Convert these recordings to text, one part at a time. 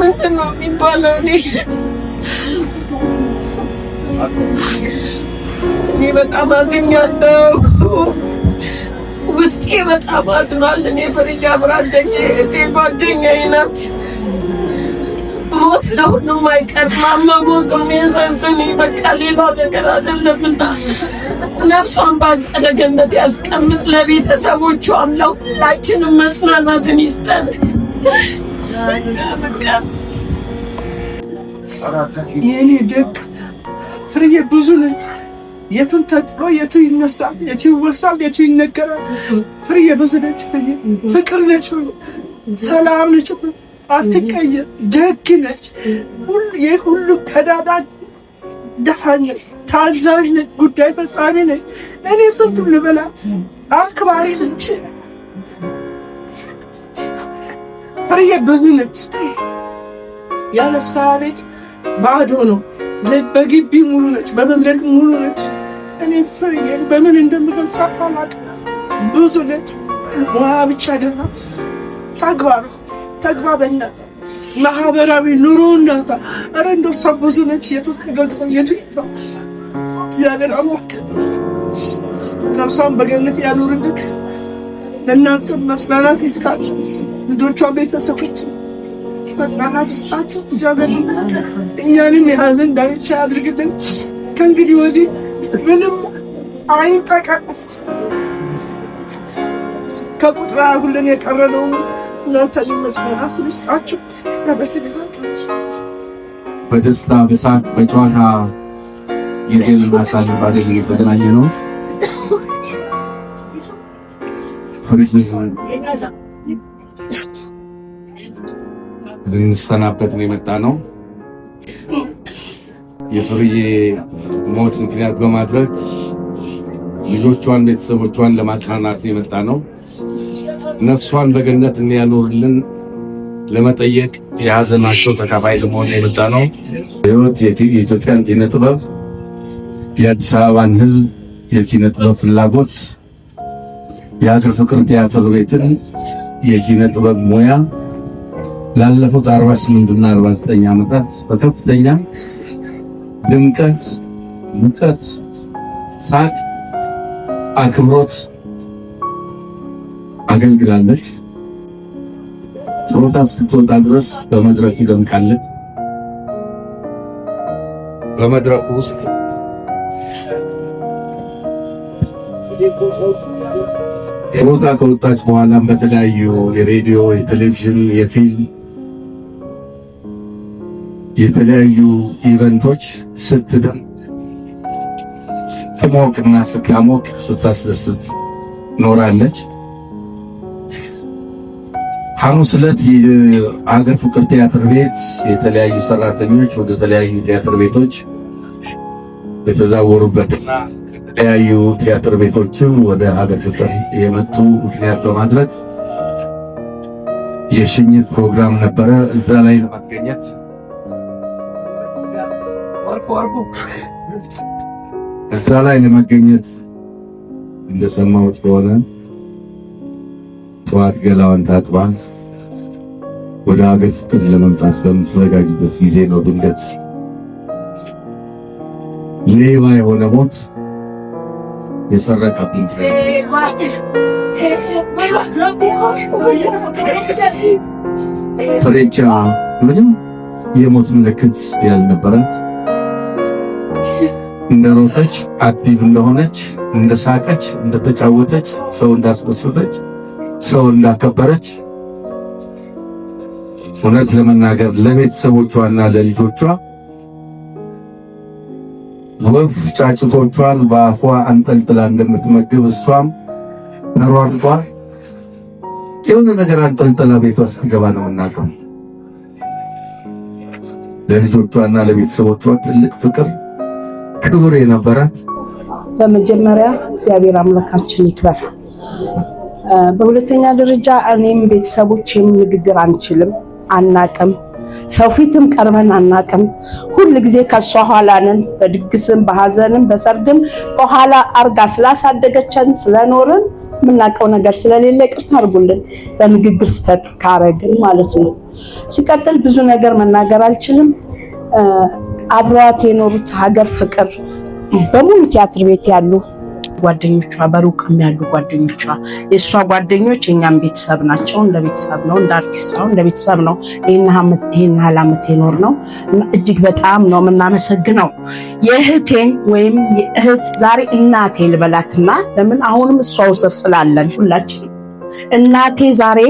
ምንድነው የሚባለው? እኔ በጣም አዝኛለሁ። ውስጤ በጣም አዝኗል። እኔ ፍርያ አብራደኝ እህቴ ጓደኛዬ ናት። ሞት ለሁሉም አይቀርም ማማ ሞቶም በቃ ሌላ ነገር አይደለምና ነፍሷን በአጸደ ገነት ያስቀምጥ። ለቤተሰቦቿም ለሁላችንም መጽናናትን ይስጠን። የእኔ ደግ ፍርዬ ብዙ ነች። የቱን ተጥሮ የቱ ይነሳል፣ የቱ ይወሳል የቱ ይነገራል። ፍሬ ብዙ ነች፣ ፍቅር ነች፣ ሰላም ነች፣ አትቀየር፣ ደግ ነች፣ ይህ ሁሉ ከዳዳ ደፋኝ ነች፣ ታዛዥ ነች፣ ጉዳይ ፈጻሚ ነች። እኔ ስንቱ ልበላ አክባሪ ነች። ፍሬዬ ብዙ ነች። ያለሷ ቤት ባዶ ነው። በግቢ ሙሉ ነች፣ በመድረክ ሙሉ ነች። እኔ ፍርዬን በምን እንደምገልጻት አላውቅም። ብዙ ልጅ ውሃ ብቻ አይደለም ተግባር ተግባበና ማህበራዊ ኑሮ እናታ ኧረ እንደው እሷ ብዙ ነች። የቱ ገልጾ የቱ እግዚአብሔር አምላክ ነፍሷን በገነት ያኑርልክ። ለእናንተ መጽናናት ይስጣችሁ፣ ልጆቿ ቤተሰቦች መጽናናት ይስጣችሁ። እግዚአብሔር እኛንም የሀዘን ዳርቻ ያድርግልን ከእንግዲህ ወዲህ ምንም አይንጠቀፍ ከቁጥር ሁሉን የቀረነው እናንተ ሊመስለናት ውስጣችሁ ለመስልናት በደስታ በሳቅ በጨዋታ ጊዜ ልናሳልፍ አደ ነው። ፍሪጅ ልንሰናበት ነው የመጣ ነው የፍርዬ ሞት ምክንያት በማድረግ ልጆቿን፣ ቤተሰቦቿን ለማጽናናት የመጣ ነው። ነፍሷን በገነት እንዲያኖርልን ለመጠየቅ የሀዘናቸው ተካፋይ ለመሆን የመጣ ነው። ህይወት የኢትዮጵያን ኪነ ጥበብ የአዲስ አበባን ህዝብ የኪነ ጥበብ ፍላጎት የሀገር ፍቅር ቲያትር ቤትን የኪነ ጥበብ ሙያ ላለፉት 48 እና 49 ዓመታት በከፍተኛ ድምቀት ሙቀት፣ ሳቅ፣ አክብሮት አገልግላለች። ጥሮታ እስክትወጣ ድረስ በመድረኩ ደምቃለች። በመድረኩ ውስጥ ጥሮታ ከወጣች በኋላም በተለያዩ የሬዲዮ፣ የቴሌቪዥን፣ የፊልም የተለያዩ ኢቨንቶች ስትደምቅ ስትሞቅና ስታሞቅ ስታስደስት ኖራለች። ሐሙስ ዕለት ፍቅር ቲያትር ቤት የተለያዩ ሰራተኞች ወደ ተለያዩ ቲያትር ቤቶች የተዛወሩበትና የተለያዩ ቲያትር ቤቶችም ወደ ሀገር ፍቅር የመጡ ምክንያት በማድረግ የሽኝት ፕሮግራም ነበረ። እዛ ላይ ለመገኘት እዛ ላይ ለመገኘት እንደሰማሁት ከሆነ ጠዋት ገላዋን ታጥባ ወደ ሀገር ፍቅር ለመምጣት በምትዘጋጅበት ጊዜ ነው ድንገት ሌባ የሆነ ሞት የሰረቀብኝ ፍሬቻ ምንም የሞት ምልክት ያልነበራት እንደሮጠች አክቲቭ እንደሆነች እንደሳቀች እንደተጫወተች ሰው እንዳስደሰተች ሰው እንዳከበረች እውነት ለመናገር ለቤተሰቦቿና ለልጆቿ ወፍ ጫጭቶቿን በአፏ አንጠልጥላ እንደምትመግብ እሷም ተሯርጧ የሆነ ነገር አንጠልጥላ ቤቷ ስትገባ ነው የምናውቀው። ለልጆቿና ለቤተሰቦቿ ትልቅ ፍቅር ክብር የነበራት በመጀመሪያ እግዚአብሔር አምላካችን ይክበር። በሁለተኛ ደረጃ እኔም ቤተሰቦቼም ንግግር አንችልም፣ አናቅም፣ ሰው ፊትም ቀርበን አናቅም። ሁል ጊዜ ከእሷ ኋላ ነን። በድግስም በሀዘንም በሰርግም በኋላ አርጋ ስላሳደገችን ስለኖርን የምናውቀው ነገር ስለሌለ ይቅርታ አድርጉልን፣ በንግግር ስተት ካረግን ማለት ነው። ሲቀጥል ብዙ ነገር መናገር አልችልም። አብሯት የኖሩት ሀገር ፍቅር በሙሉ ቲያትር ቤት ያሉ ጓደኞቿ በሩቅም ያሉ ጓደኞቿ የእሷ ጓደኞች የእኛም ቤተሰብ ናቸው። እንደ ቤተሰብ ነው፣ እንደ አርቲስት ነው፣ እንደ ቤተሰብ ነው። ይህን ያህል ዓመት የኖር ነው። እጅግ በጣም ነው የምናመሰግነው። የእህቴን ወይም እህት ዛሬ እናቴ ልበላትና ለምን አሁንም እሷው ስር ስላለን ሁላችንም እናቴ ዛሬ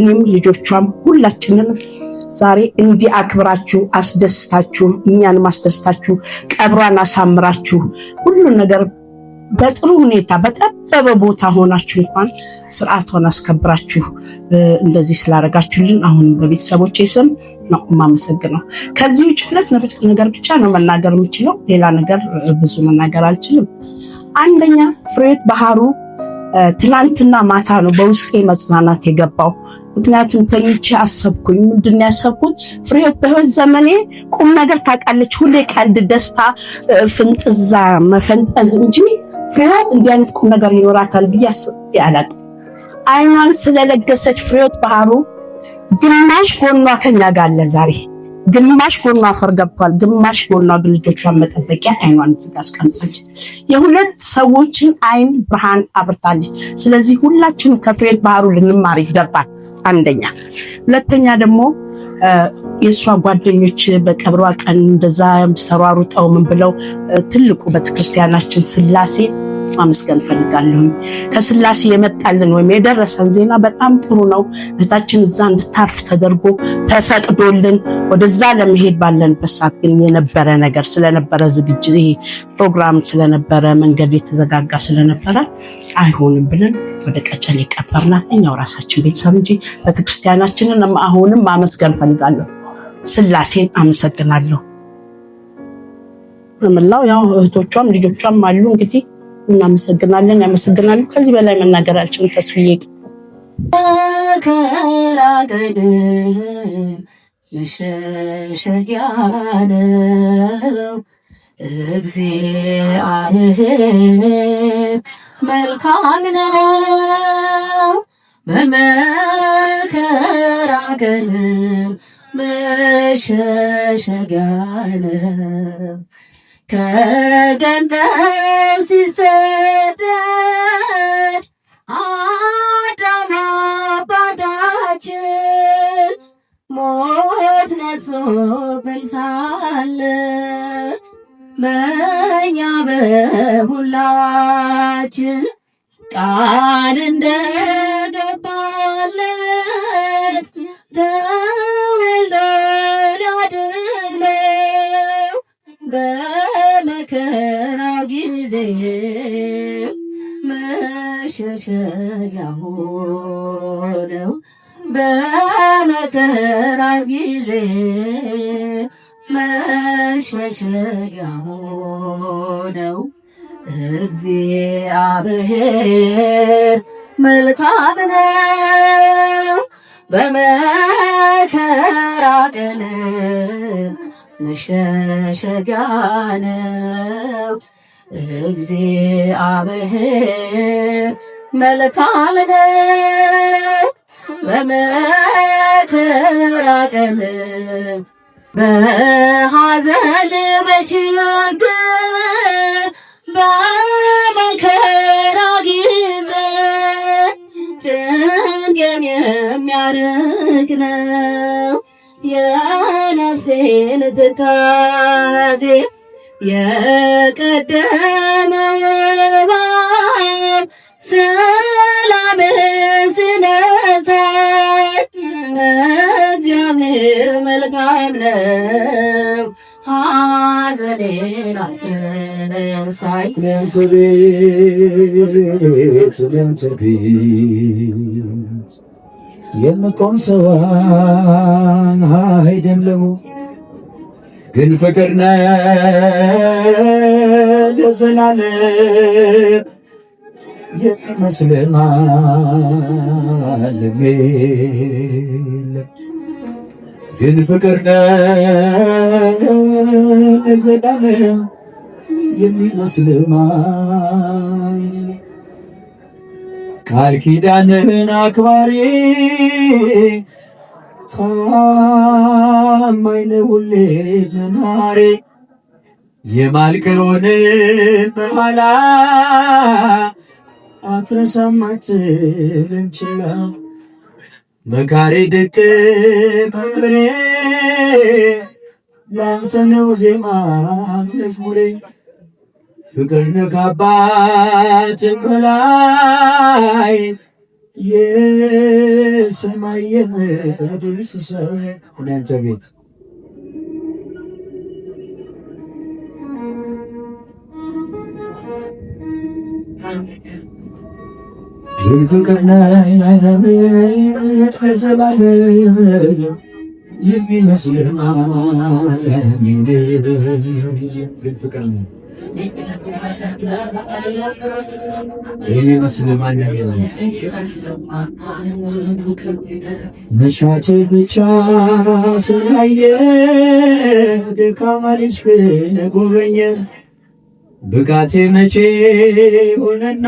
እኔም ልጆቿም ሁላችንን ዛሬ እንዲህ አክብራችሁ አስደስታችሁ እኛንም አስደስታችሁ ቀብሯን አሳምራችሁ ሁሉን ነገር በጥሩ ሁኔታ በጠበበ ቦታ ሆናችሁ እንኳን ስርዓቷን አስከብራችሁ እንደዚህ ስላደረጋችሁልን አሁን በቤተሰቦቼ ስም ነው የማመሰግነው። ከዚህ ውጭ ሁለት ነገር ብቻ ነው መናገር የምችለው፣ ሌላ ነገር ብዙ መናገር አልችልም። አንደኛ ፍሬት ባህሩ ትላንትና ማታ ነው በውስጤ መጽናናት የገባው። ምክንያቱም ተኝቼ አሰብኩኝ። ምንድን ያሰብኩት ፍሬህይወት በህይወት ዘመኔ ቁም ነገር ታውቃለች። ሁሌ ቀልድ፣ ደስታ፣ ፍንጥዛ መፈንጠዝ እንጂ ፍሬህይወት እንዲህ አይነት ቁም ነገር ይኖራታል ብዬ አስቤ አላውቅም። አይኗን ስለለገሰች ፍሬህይወት ባህሩ ግማሽ ጎኗ ከኛ ጋር አለ ዛሬ ግማሽ ጎኗ አፈር ገብቷል፣ ግማሽ ጎኗ በልጆቿን መጠበቂያ አይኗን ዝጋ አስቀምጣለች። የሁለት ሰዎችን አይን ብርሃን አብርታለች። ስለዚህ ሁላችን ከፍሬት ባህሩ ልንማር ይገባል። አንደኛ፣ ሁለተኛ ደግሞ የእሷ ጓደኞች በቀብሯ ቀን እንደዛ ተሯሩጠው ምን ብለው ትልቁ ቤተክርስቲያናችን ስላሴ ማመስገን ፈልጋለሁኝ። ከስላሴ የመጣልን ወይም የደረሰን ዜና በጣም ጥሩ ነው። እህታችን እዛ እንድታርፍ ተደርጎ ተፈቅዶልን ወደዛ ለመሄድ ባለንበት ሰዓት ግን የነበረ ነገር ስለነበረ ዝግጅት ይሄ ፕሮግራም ስለነበረ መንገድ የተዘጋጋ ስለነበረ አይሆንም ብለን ወደ ቀጨኔ የቀበርናት እኛው ራሳችን ቤተሰብ እንጂ ቤተክርስቲያናችንን አሁንም ማመስገን ፈልጋለሁ። ስላሴን አመሰግናለሁ። ምላው ያው እህቶቿም ልጆቿም አሉ እንግዲህ እናመሰግናለን፣ ያመሰግናለን። ከዚህ በላይ መናገር አልችልም። ተስፍዬ እግዚአብሔር መልካም ነው ከገነት ሲሰደድ አዳም አባታችን ሞት ነግሶብን ሳለ መኛ በሁላችን ቃል እንደገባለት ተወልዶ ሊያድነው መሸሸያ ሆነው በመከራ ጊዜ መሸሸያ ሆነው እግዚአብሔር መልካም ነው በመከራ ቀን መሸሸጊያ ነው። እግዚአብሔር መልካም ነው በመከራ ቀን በሐዘን በችግር በመከራ ጊዜ ጭንቄን የሚያርቅ ነው የነፍሴን ትካዜ የቀደመ ባብ ሰላምን ስለሰጥ እግዚአብሔር መልካም ነው። ሐዘኔን ቤት ቤት የምቆም ሰዋን ግን ፍቅር ነህ ለዘላለም የሚመስል ዓለም ግን ፍቅር ነህ ለዘላለም የሚመስል ቃል ኪዳንህን አክባሪ ታማኝ ነህ ሁሌ ነናሬ የማልቀረውን በኋላ አትረሳም አትልም መካሬ ድቅ መቅሬ ላንተ ነው ዜማ መዝሙሬ ፍቅር ነካባት በላይ ስማየን ድል ሲሰኝ እናንተ ቤት የሚመስል መሻቴ ብቻ ስላየ ድካማ ልጅ ጎበኘ ብቃቴ መቼ ሆነና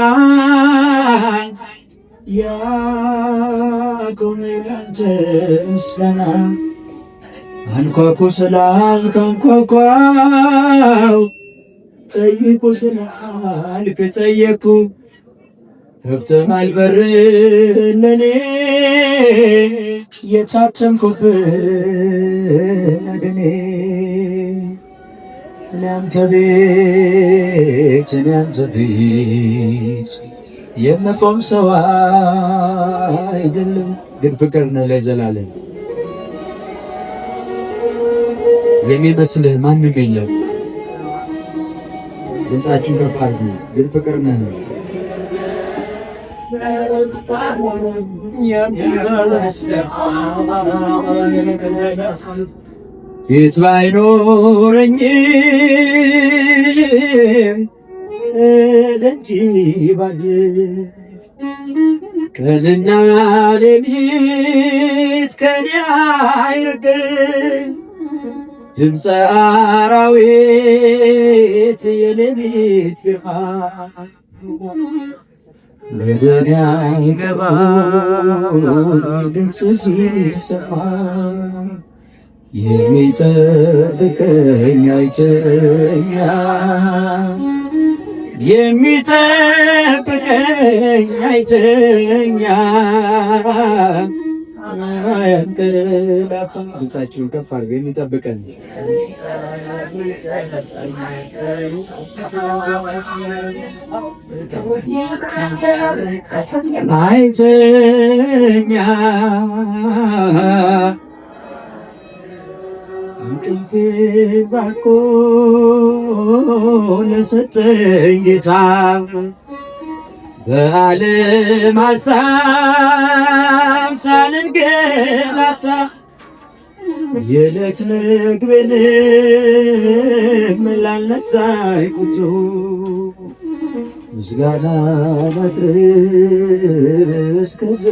ያቆመ ላንተ ምስጋና አንኳኩ ስላልክ አንኳኳው ጠየቁ ስላልክ ጠየኩ ገብተሃል በር ለኔ ለአንተ ቤት ለአንተ ቤት የምቆም ሰው አይደለም፣ ግን ፍቅር ነው ለዘላለም የሚመስልህ ማንም የለም። ድምፃችን ከፍ አድርጉ። ግን ፍቅር ነህ ቤት ባይኖረኝም ደንቺ ባል ቀንና ሌሊት ከኔ አይርቅም ድምፀ አራዊት የሌሊት ግርማ መዳን ያይገባ ድምፅ ሲሰማ የሚጠብቀኝ አይተኛ የሚጠብቀኝ አይተኛ ድምፃችሁን ከፍ አድርገን የሚጠብቀን አይተኛ እንቅልፌ ባኮ ለሰጠኝ ጌታ በዓለም ሀሳብ አምሳልን ገላታ የዕለት ምግቤን ምላልነሳይ ቁጡ ምስጋና ማድረስ ከዘ